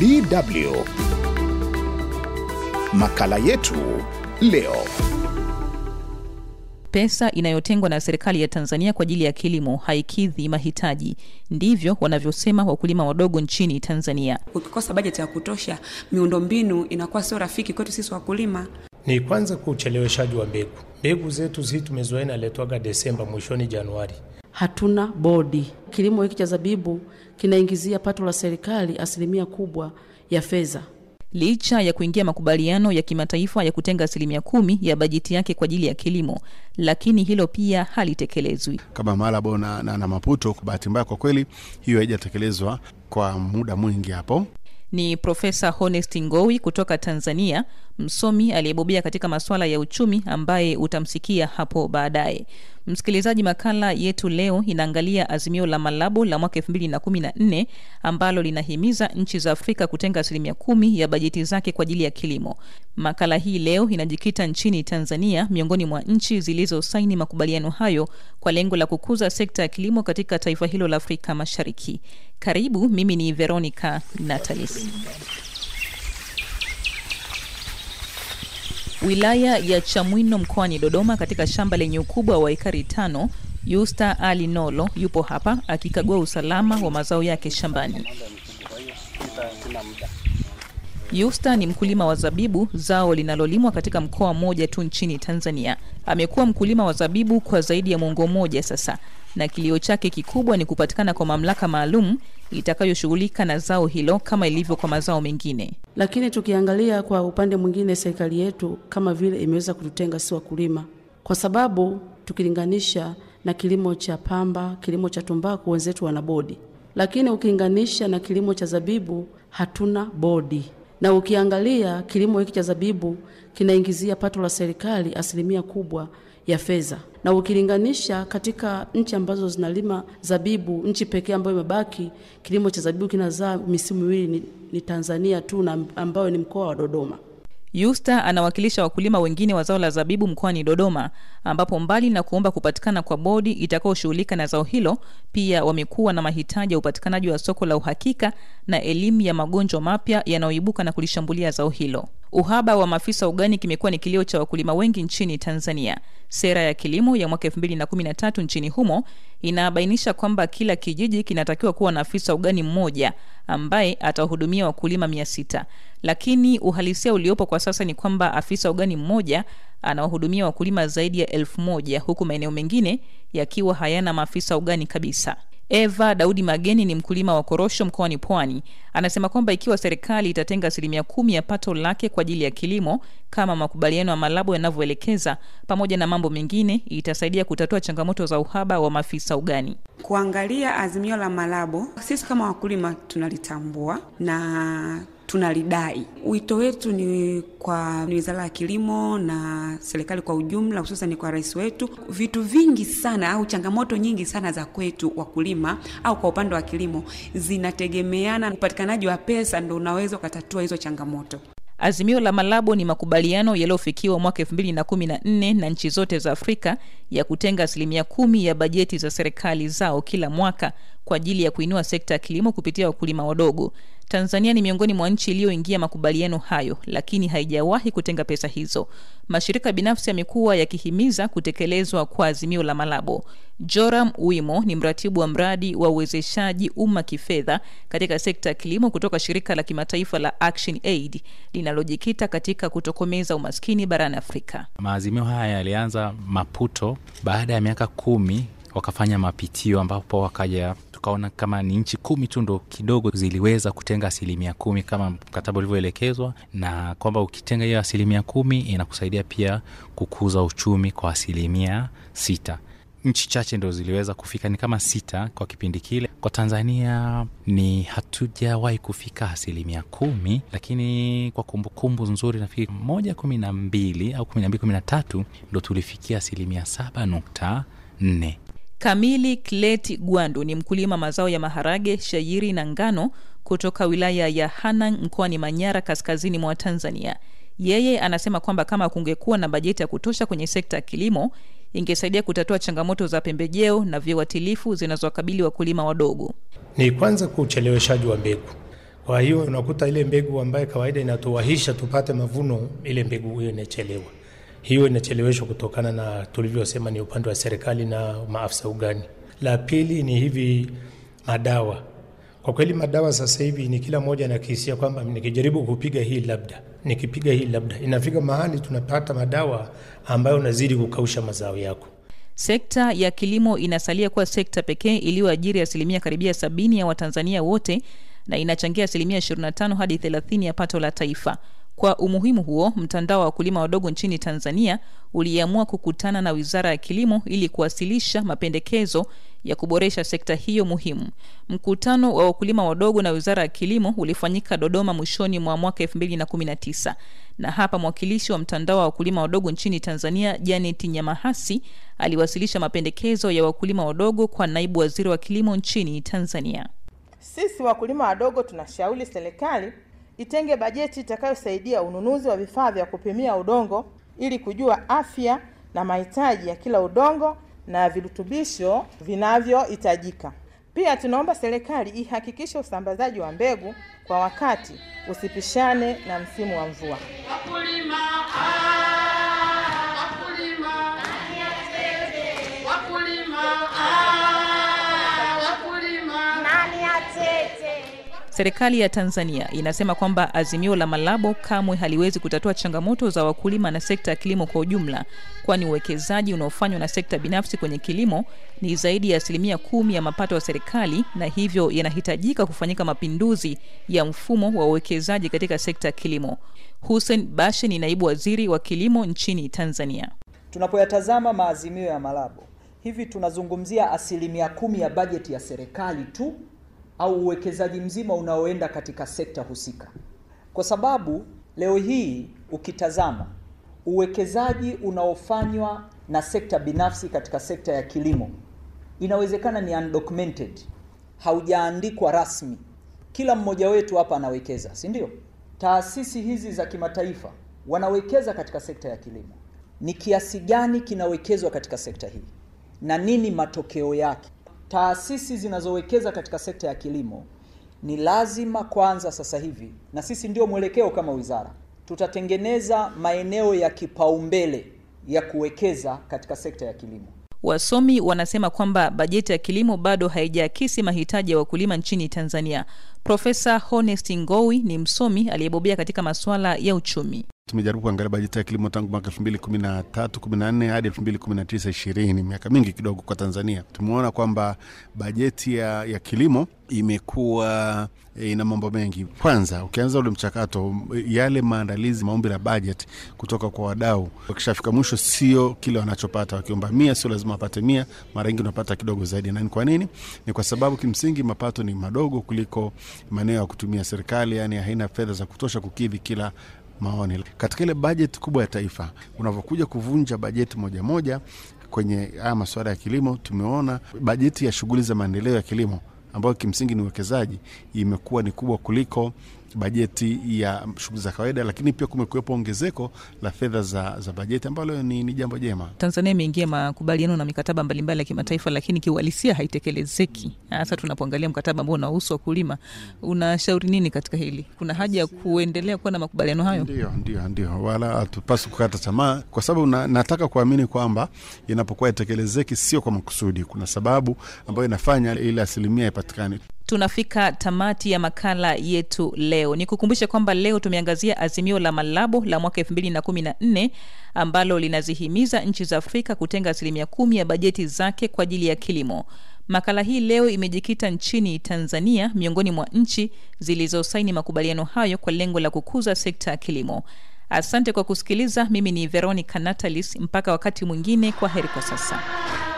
DW. Makala yetu leo. Pesa inayotengwa na serikali ya Tanzania kwa ajili ya kilimo haikidhi mahitaji, ndivyo wanavyosema wakulima wadogo nchini Tanzania. Ukikosa bajeti ya kutosha, miundombinu inakuwa sio rafiki kwetu sisi wakulima. Ni kwanza kwa ucheleweshaji wa mbegu. Mbegu zetu zi tumezoea inaletwaga Desemba mwishoni Januari hatuna bodi. Kilimo hiki cha zabibu kinaingizia pato la serikali asilimia kubwa ya fedha. Licha ya kuingia makubaliano ya kimataifa ya kutenga asilimia kumi ya bajeti yake kwa ajili ya kilimo, lakini hilo pia halitekelezwi kama Malabo na, na, na Maputo. Kwa bahati mbaya, kwa kweli hiyo haijatekelezwa kwa muda mwingi hapo. Ni Profesa Honest Ngowi kutoka Tanzania msomi aliyebobea katika masuala ya uchumi ambaye utamsikia hapo baadaye. Msikilizaji, makala yetu leo inaangalia azimio la Malabo la mwaka elfu mbili na kumi na nne ambalo linahimiza nchi za Afrika kutenga asilimia kumi ya bajeti zake kwa ajili ya kilimo. Makala hii leo inajikita nchini Tanzania, miongoni mwa nchi zilizosaini makubaliano hayo kwa lengo la kukuza sekta ya kilimo katika taifa hilo la Afrika Mashariki. Karibu, mimi ni Veronica Natalis. Wilaya ya Chamwino mkoani Dodoma, katika shamba lenye ukubwa wa ekari tano, Yusta Ali Nolo yupo hapa akikagua usalama wa mazao yake shambani. Yusta ni mkulima wa zabibu, zao linalolimwa katika mkoa mmoja tu nchini Tanzania. Amekuwa mkulima wa zabibu kwa zaidi ya mwongo mmoja sasa, na kilio chake kikubwa ni kupatikana kwa mamlaka maalum itakayoshughulika na zao hilo kama ilivyo kwa mazao mengine. Lakini tukiangalia kwa upande mwingine, serikali yetu kama vile imeweza kututenga si wakulima, kwa sababu tukilinganisha na kilimo cha pamba, kilimo cha tumbaku, wenzetu wana bodi, lakini ukilinganisha na kilimo cha zabibu hatuna bodi na ukiangalia kilimo hiki cha zabibu kinaingizia pato la serikali asilimia kubwa ya fedha, na ukilinganisha katika nchi ambazo zinalima zabibu, nchi pekee ambayo imebaki kilimo cha zabibu kinazaa misimu miwili ni, ni Tanzania tu na ambayo ni mkoa wa Dodoma. Yusta anawakilisha wakulima wengine wa zao la zabibu mkoani Dodoma, ambapo mbali na kuomba kupatikana kwa bodi itakayoshughulika na zao hilo, pia wamekuwa na mahitaji ya upatikanaji wa soko la uhakika na elimu ya magonjwa mapya yanayoibuka na kulishambulia zao hilo. Uhaba wa maafisa wa ugani kimekuwa ni kilio cha wakulima wengi nchini Tanzania. Sera ya kilimo ya mwaka 2013 nchini humo inabainisha kwamba kila kijiji kinatakiwa kuwa na afisa ugani mmoja ambaye atawahudumia wakulima mia sita, lakini uhalisia uliopo kwa sasa ni kwamba afisa ugani mmoja anawahudumia wakulima zaidi ya elfu moja huku maeneo mengine yakiwa hayana maafisa ugani kabisa. Eva Daudi Mageni ni mkulima wa korosho mkoani Pwani. Anasema kwamba ikiwa serikali itatenga asilimia kumi ya pato lake kwa ajili ya kilimo kama makubaliano ya Malabo yanavyoelekeza, pamoja na mambo mengine, itasaidia kutatua changamoto za uhaba wa maafisa ugani. Kuangalia azimio la Malabo, sisi kama wakulima tunalitambua na tunalidai. Wito wetu ni kwa Wizara ya Kilimo na serikali kwa ujumla, hususan kwa rais wetu. Vitu vingi sana au changamoto nyingi sana za kwetu wakulima au kwa upande wa kilimo zinategemeana, upatikanaji wa pesa ndo unaweza ukatatua hizo changamoto. Azimio la Malabo ni makubaliano yaliyofikiwa mwaka elfu mbili na kumi na nne na nchi zote za Afrika ya kutenga asilimia kumi ya bajeti za serikali zao kila mwaka kwa ajili ya kuinua sekta ya kilimo kupitia wakulima wadogo. Tanzania ni miongoni mwa nchi iliyoingia makubaliano hayo, lakini haijawahi kutenga pesa hizo. Mashirika binafsi yamekuwa yakihimiza kutekelezwa kwa azimio la Malabo. Joram Wimo ni mratibu wa mradi wa uwezeshaji umma kifedha katika sekta ya kilimo kutoka shirika la kimataifa la Action Aid linalojikita katika kutokomeza umaskini barani Afrika. Maazimio haya yalianza Maputo baada ya miaka kumi wakafanya mapitio ambapo wakaja tukaona kama ni nchi kumi tu ndo kidogo ziliweza kutenga asilimia kumi kama mkataba ulivyoelekezwa, na kwamba ukitenga hiyo asilimia kumi inakusaidia pia kukuza uchumi kwa asilimia sita. Nchi chache ndo ziliweza kufika, ni kama sita kwa kipindi kile. Kwa Tanzania ni hatujawahi kufika asilimia kumi, lakini kwa kumbukumbu kumbu nzuri, nafikiri moja kumi na mbili au kumi na mbili kumi na tatu ndo tulifikia asilimia saba nukta nne Kamili Kleti Gwandu ni mkulima mazao ya maharage, shayiri na ngano kutoka wilaya ya Hanang mkoani Manyara kaskazini mwa Tanzania. Yeye anasema kwamba kama kungekuwa na bajeti ya kutosha kwenye sekta ya kilimo ingesaidia kutatua changamoto za pembejeo na viwatilifu zinazowakabili wakulima wadogo. Ni kwanza kwa ucheleweshaji wa mbegu. Kwa hiyo unakuta ile mbegu ambayo kawaida inatuwahisha tupate mavuno, ile mbegu hiyo inachelewa hiyo inacheleweshwa kutokana na tulivyosema, ni upande wa serikali na maafisa ugani. La pili ni hivi madawa. Kwa kweli madawa sasa hivi ni kila moja anakisia kwamba nikijaribu kupiga hii labda, nikipiga hii labda, inafika mahali tunapata madawa ambayo unazidi kukausha mazao yako. Sekta ya kilimo inasalia kuwa sekta pekee iliyoajiri asilimia karibia sabini ya Watanzania wote na inachangia asilimia 25 hadi 30 ya pato la taifa. Kwa umuhimu huo, mtandao wa wakulima wadogo nchini Tanzania uliamua kukutana na Wizara ya Kilimo ili kuwasilisha mapendekezo ya kuboresha sekta hiyo muhimu. Mkutano wa wakulima wadogo na Wizara ya Kilimo ulifanyika Dodoma mwishoni mwa mwaka 2019. Na hapa mwakilishi wa mtandao wa wakulima wadogo nchini Tanzania, Janet Nyamahasi aliwasilisha mapendekezo ya wakulima wadogo kwa naibu waziri wa kilimo nchini Tanzania. Sisi wakulima wadogo tunashauri serikali itenge bajeti itakayosaidia ununuzi wa vifaa vya kupimia udongo ili kujua afya na mahitaji ya kila udongo na virutubisho vinavyohitajika. Pia tunaomba serikali ihakikishe usambazaji wa mbegu kwa wakati usipishane na msimu wa mvua. Serikali ya Tanzania inasema kwamba azimio la Malabo kamwe haliwezi kutatua changamoto za wakulima na sekta ya kilimo kwa ujumla, kwani uwekezaji unaofanywa na sekta binafsi kwenye kilimo ni zaidi ya asilimia kumi ya mapato ya serikali, na hivyo yanahitajika kufanyika mapinduzi ya mfumo wa uwekezaji katika sekta ya kilimo. Hussein Bashe ni naibu waziri wa kilimo nchini Tanzania. Tunapoyatazama maazimio ya Malabo hivi tunazungumzia asilimia kumi ya bajeti ya serikali tu au uwekezaji mzima unaoenda katika sekta husika, kwa sababu leo hii ukitazama uwekezaji unaofanywa na sekta binafsi katika sekta ya kilimo inawezekana ni undocumented, haujaandikwa rasmi. Kila mmoja wetu hapa anawekeza, si ndio? Taasisi hizi za kimataifa wanawekeza katika sekta ya kilimo. Ni kiasi gani kinawekezwa katika sekta hii na nini matokeo yake? taasisi zinazowekeza katika sekta ya kilimo ni lazima kwanza, sasa hivi na sisi ndio mwelekeo kama wizara, tutatengeneza maeneo ya kipaumbele ya kuwekeza katika sekta ya kilimo. Wasomi wanasema kwamba bajeti ya kilimo bado haijaakisi mahitaji ya wakulima nchini Tanzania. Profesa Honest Ngowi ni msomi aliyebobea katika masuala ya uchumi. Tumejaribu kuangalia bajeti ya kilimo tangu mwaka 2013 14 hadi 2019 20, miaka mingi kidogo kwa Tanzania. Tumeona kwamba bajeti ya, ya kilimo imekuwa e, ina mambo mengi. Kwanza ukianza ule mchakato, yale maandalizi, maombi la bajeti kutoka kwa wadau, wakishafika mwisho sio kile wanachopata. Wakiomba mia, sio lazima wapate mia, mara nyingi unapata kidogo zaidi. Na kwa nini? Ni kwa sababu kimsingi mapato ni madogo kuliko maeneo ya kutumia. Serikali yani haina fedha za kutosha kukidhi kila maoni. Katika ile bajeti kubwa ya taifa, unavyokuja kuvunja bajeti moja moja kwenye haya masuala ya kilimo, tumeona bajeti ya shughuli za maendeleo ya kilimo ambayo kimsingi ni uwekezaji imekuwa ni kubwa kuliko bajeti ya shughuli za kawaida, lakini pia kumekuwepo ongezeko la fedha za, za bajeti ambalo ni, ni jambo jema. Tanzania imeingia makubaliano na mikataba mbalimbali ya kimataifa, lakini kiuhalisia haitekelezeki. Hasa tunapoangalia mkataba ambao unahusu wakulima, unashauri nini katika hili? Kuna haja ya kuendelea kuwa na makubaliano hayo? Ndio, ndio, ndio, wala hatupaswi kukata tamaa, kwa sababu na, nataka kuamini kwamba inapokuwa haitekelezeki sio kwa makusudi, kuna sababu ambayo inafanya ile asilimia ipatikane tunafika tamati ya makala yetu leo. ni kukumbushe kwamba leo tumeangazia azimio la Malabo la mwaka elfu mbili na kumi na nne ambalo linazihimiza nchi za Afrika kutenga asilimia kumi ya bajeti zake kwa ajili ya kilimo. Makala hii leo imejikita nchini Tanzania, miongoni mwa nchi zilizosaini makubaliano hayo kwa lengo la kukuza sekta ya kilimo. Asante kwa kusikiliza. Mimi ni Veronica Natalis. Mpaka wakati mwingine, kwa heri kwa sasa.